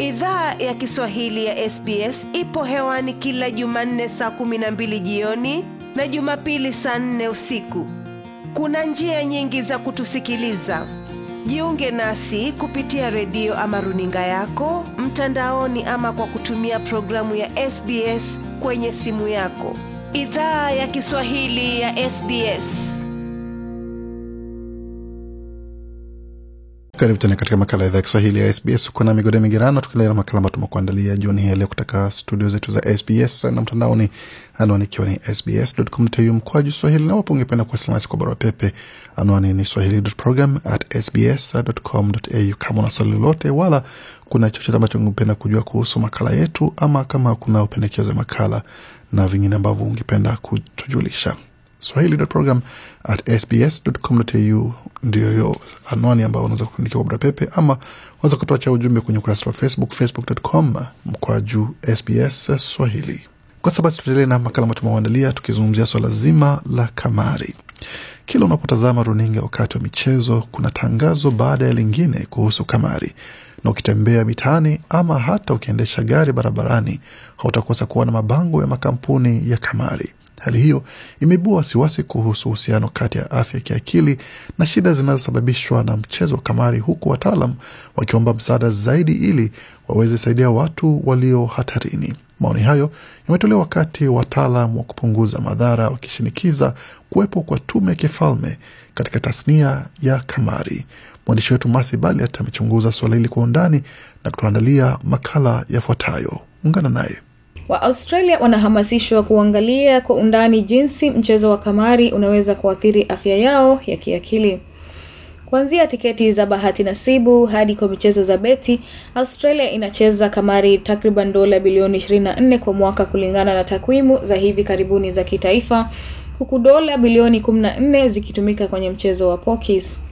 Idhaa ya Kiswahili ya SBS ipo hewani kila Jumanne saa 12 jioni na Jumapili saa 4 usiku. Kuna njia nyingi za kutusikiliza. Jiunge nasi kupitia redio ama runinga yako mtandaoni, ama kwa kutumia programu ya SBS kwenye simu yako. Idhaa ya Kiswahili ya SBS. Karibu tena katika makala ya idhaa Kiswahili ya SBS. Uko na Migode Migerano tukileana makala ambayo tumekuandalia jioni hii leo kutoka studio zetu za SBS na mtandaoni, anwani ikiwa ni sbs.com.au mkwaju swahili, na wapo ungependa kuwasiliana nasi kwa barua pepe, anwani ni swahili.program@sbs.com.au. Kama una swali lolote wala kuna chochote ambacho ungependa kujua kuhusu makala yetu, ama kama kuna upendekezo ya makala na vingine ambavyo ungependa kutujulisha Swahili at sbs.com.au ndio hiyo anwani ambayo unaweza kuandikia barua pepe ama unaweza kutoacha ujumbe kwenye ukurasa wa Facebook, facebook.com mkwa juu SBS Swahili. Kwa sababu tutaendelea na makala ambayo tumewaandalia tukizungumzia swala so zima la kamari. Kila unapotazama runinga wakati wa michezo, kuna tangazo baada ya lingine kuhusu kamari, na ukitembea mitaani ama hata ukiendesha gari barabarani, hautakosa kuwa na mabango ya makampuni ya kamari. Hali hiyo imeibua wasiwasi kuhusu uhusiano kati ya afya ya kiakili na shida zinazosababishwa na mchezo wa kamari, huku wataalam wakiomba msaada zaidi ili waweze saidia watu walio hatarini. Maoni hayo yametolewa wakati wataalam wa kupunguza madhara wakishinikiza kuwepo kwa tume ya kifalme katika tasnia ya kamari. Mwandishi wetu Masi Baliat amechunguza suala hili kwa undani na kutuandalia makala yafuatayo. Ungana naye wa australia wanahamasishwa kuangalia kwa undani jinsi mchezo wa kamari unaweza kuathiri afya yao ya kiakili. Kuanzia tiketi za bahati nasibu hadi kwa michezo za beti, Australia inacheza kamari takriban dola bilioni 24 kwa mwaka kulingana na takwimu za hivi karibuni za kitaifa, huku dola bilioni 14 zikitumika kwenye mchezo wa pokies.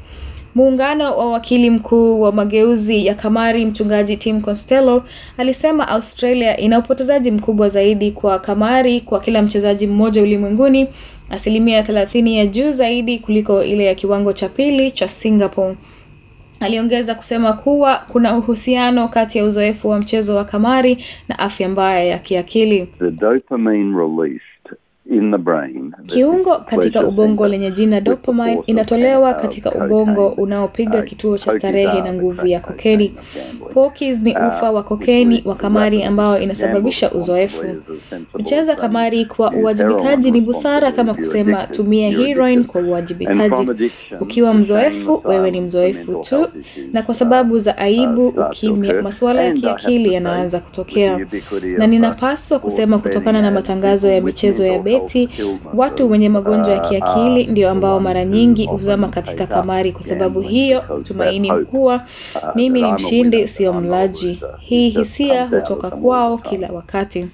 Muungano wa wakili mkuu wa mageuzi ya kamari mchungaji Tim Costello alisema Australia ina upotezaji mkubwa zaidi kwa kamari kwa kila mchezaji mmoja ulimwenguni, asilimia 30 ya juu zaidi kuliko ile ya kiwango cha pili cha Singapore. Aliongeza kusema kuwa kuna uhusiano kati ya uzoefu wa mchezo wa kamari na afya mbaya ya kiakili. The dopamine release kiungo katika ubongo lenye jina dopamine inatolewa katika ubongo unaopiga kituo cha starehe na nguvu ya kokeni. Pokis ni ufa uh, wa kokeni wa kamari ambayo inasababisha uzoefu. Kucheza kamari kwa uwajibikaji ni busara kama kusema tumia heroin kwa uwajibikaji. Ukiwa mzoefu, wewe ni mzoefu tu, na kwa uh, sababu za uh, aibu, ukimya, masuala ya kiakili yanaanza kutokea, na ninapaswa kusema kutokana na matangazo ya michezo ya be eti watu wenye magonjwa ya kiakili ndio ambao mara nyingi huzama katika kamari. Kwa sababu hiyo, tumaini kuwa mimi ni mshindi, sio mlaji. Hii hisia hutoka kwao kila wakati.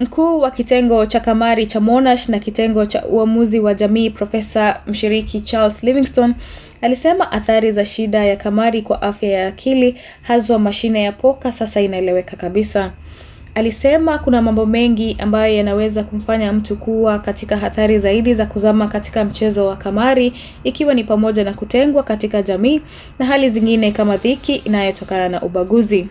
Mkuu wa kitengo cha kamari cha Monash na kitengo cha uamuzi wa jamii, Profesa mshiriki Charles Livingstone alisema athari za shida ya kamari kwa afya ya akili, haswa mashine ya poka, sasa inaeleweka kabisa. Alisema kuna mambo mengi ambayo yanaweza kumfanya mtu kuwa katika hatari zaidi za kuzama katika mchezo wa kamari ikiwa ni pamoja na kutengwa katika jamii na hali zingine kama dhiki inayotokana na ubaguzi.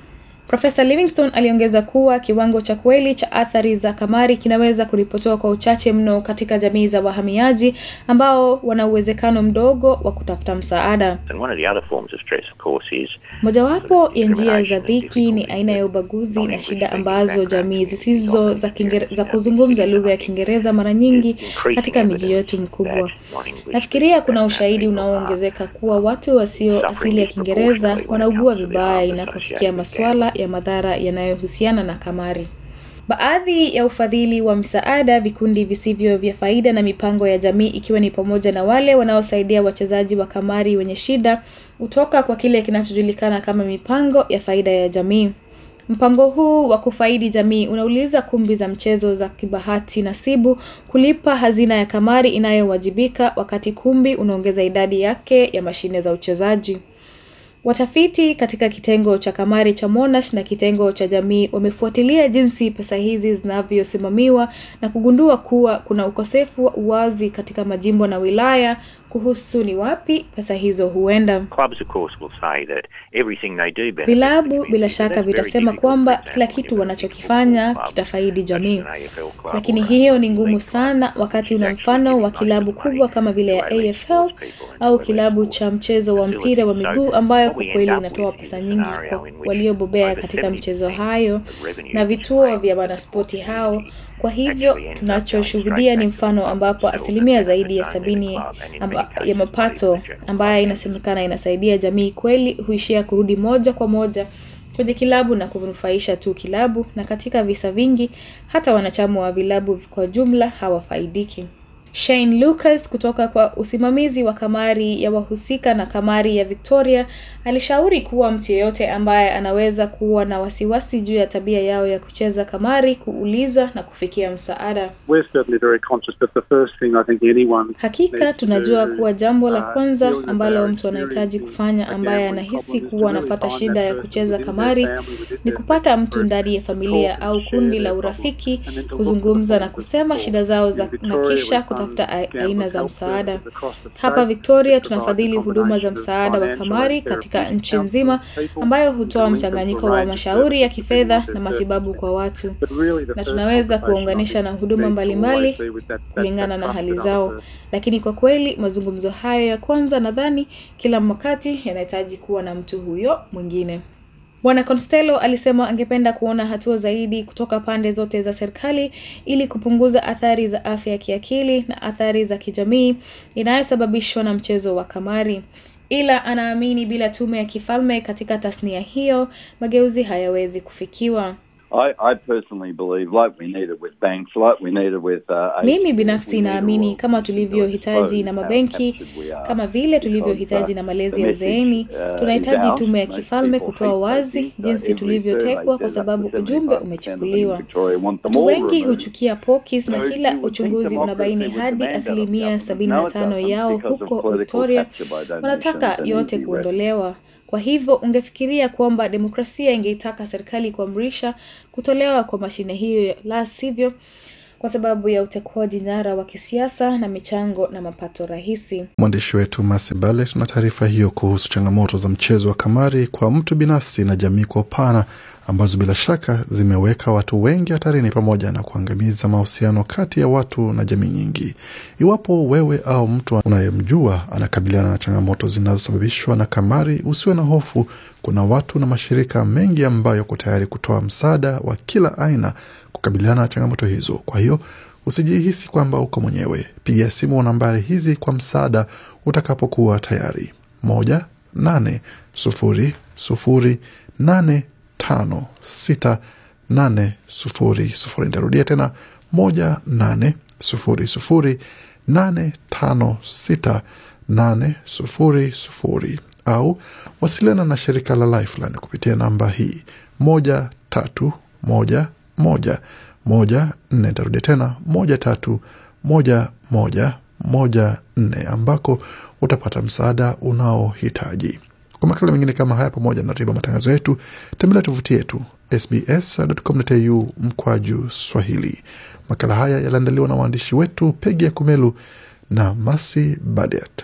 Profesa Livingstone aliongeza kuwa kiwango cha kweli cha athari za kamari kinaweza kuripotiwa kwa uchache mno katika jamii za wahamiaji ambao wana uwezekano mdogo wa kutafuta msaada. Mojawapo ya njia za dhiki ni aina ya ubaguzi na shida ambazo jamii zisizo za, za kuzungumza lugha ya Kiingereza mara nyingi katika miji yetu mkubwa Nafikiria kuna ushahidi unaoongezeka kuwa watu wasio asili ya Kiingereza wanaugua vibaya inapofikia masuala ya madhara yanayohusiana na kamari. Baadhi ya ufadhili wa misaada, vikundi visivyo vya faida na mipango ya jamii, ikiwa ni pamoja na wale wanaosaidia wachezaji wa kamari wenye shida, hutoka kwa kile kinachojulikana kama mipango ya faida ya jamii. Mpango huu wa kufaidi jamii unauliza kumbi za mchezo za kibahati nasibu kulipa hazina ya kamari inayowajibika, wakati kumbi unaongeza idadi yake ya mashine za uchezaji. Watafiti katika kitengo cha kamari cha Monash na kitengo cha jamii wamefuatilia jinsi pesa hizi zinavyosimamiwa na kugundua kuwa kuna ukosefu wa uwazi katika majimbo na wilaya kuhusu ni wapi pesa hizo huenda. Vilabu bila shaka vitasema kwamba kila kitu wanachokifanya kitafaidi jamii, lakini hiyo ni ngumu sana wakati una mfano wa kilabu kubwa kama vile ya AFL au kilabu cha mchezo wa mpira wa miguu ambayo kwa kweli inatoa pesa nyingi kwa waliobobea katika mchezo hayo na vituo vya wanaspoti hao. Kwa hivyo tunachoshuhudia ni mfano ambapo asilimia zaidi ya sabini amba ya mapato ambayo inasemekana inasaidia jamii kweli huishia kurudi moja kwa moja kwenye kilabu na kunufaisha tu kilabu na katika visa vingi hata wanachama wa vilabu kwa jumla hawafaidiki. Shane Lucas kutoka kwa usimamizi wa kamari ya wahusika na kamari ya Victoria alishauri kuwa mtu yeyote ambaye anaweza kuwa na wasiwasi juu ya tabia yao ya kucheza kamari kuuliza na kufikia msaada. Hakika tunajua kuwa jambo la uh, kwanza ambalo mtu anahitaji kufanya ambaye anahisi kuwa anapata shida ya kucheza kamari ni kupata mtu ndani ya familia au kundi la urafiki kuzungumza na kusema shida zao za na kisha kutafuta aina za msaada. Hapa Victoria tunafadhili huduma za msaada wa kamari katika nchi nzima, ambayo hutoa mchanganyiko wa mashauri ya kifedha na matibabu kwa watu, na tunaweza kuwaunganisha na huduma mbalimbali kulingana na hali zao. Lakini kwa kweli mazungumzo hayo ya kwanza, nadhani kila wakati yanahitaji kuwa na mtu huyo mwingine. Bwana Constello alisema angependa kuona hatua zaidi kutoka pande zote za serikali ili kupunguza athari za afya ya kiakili na athari za kijamii inayosababishwa na mchezo wa kamari. Ila anaamini bila tume ya kifalme katika tasnia hiyo, mageuzi hayawezi kufikiwa. I, I personally believe like we need it with banks, like we need it with, uh, mimi binafsi naamini kama tulivyohitaji na mabenki kama vile tulivyohitaji uh, na malezi ya uzeeni, uh, tunahitaji tume ya kifalme kutoa wazi jinsi tulivyotekwa, kwa sababu ujumbe umechukuliwa. Watu wengi huchukia pokis na kila uchunguzi unabaini hadi asilimia 75 yao huko Victoria wanataka yote kuondolewa. Kwa hivyo ungefikiria kwamba demokrasia ingeitaka serikali kuamrisha kutolewa kwa mashine hiyo, la sivyo kwa sababu ya utekwaji nyara wa kisiasa na michango na mapato rahisi. Mwandishi wetu Masi Bale tuna taarifa hiyo kuhusu changamoto za mchezo wa kamari kwa mtu binafsi na jamii kwa upana, ambazo bila shaka zimeweka watu wengi hatarini pamoja na kuangamiza mahusiano kati ya watu na jamii nyingi. Iwapo wewe au mtu unayemjua anakabiliana na changamoto zinazosababishwa na kamari, usiwe na hofu. Kuna watu na mashirika mengi ambayo yako tayari kutoa msaada wa kila aina kukabiliana na changamoto hizo. Kwa hiyo usijihisi kwamba uko mwenyewe. Piga simu wa nambari hizi kwa msaada utakapokuwa tayari: moja nane sufuri sufuri nane tano sita nane sufuri sufuri. Nitarudia tena moja nane sufuri sufuri nane tano sita nane sufuri sufuri, au wasiliana na shirika la Lifeline kupitia namba hii moja tatu moja moja moja nne. Tarudia tena moja tatu moja moja moja nne, ambako utapata msaada unaohitaji. Kwa makala mengine kama haya pamoja na ratiba matangazo yetu, tembelea tovuti yetu sbs.com.au mkwaju Swahili. Makala haya yaliandaliwa na waandishi wetu Pegi ya Kumelu na Masi Badiat.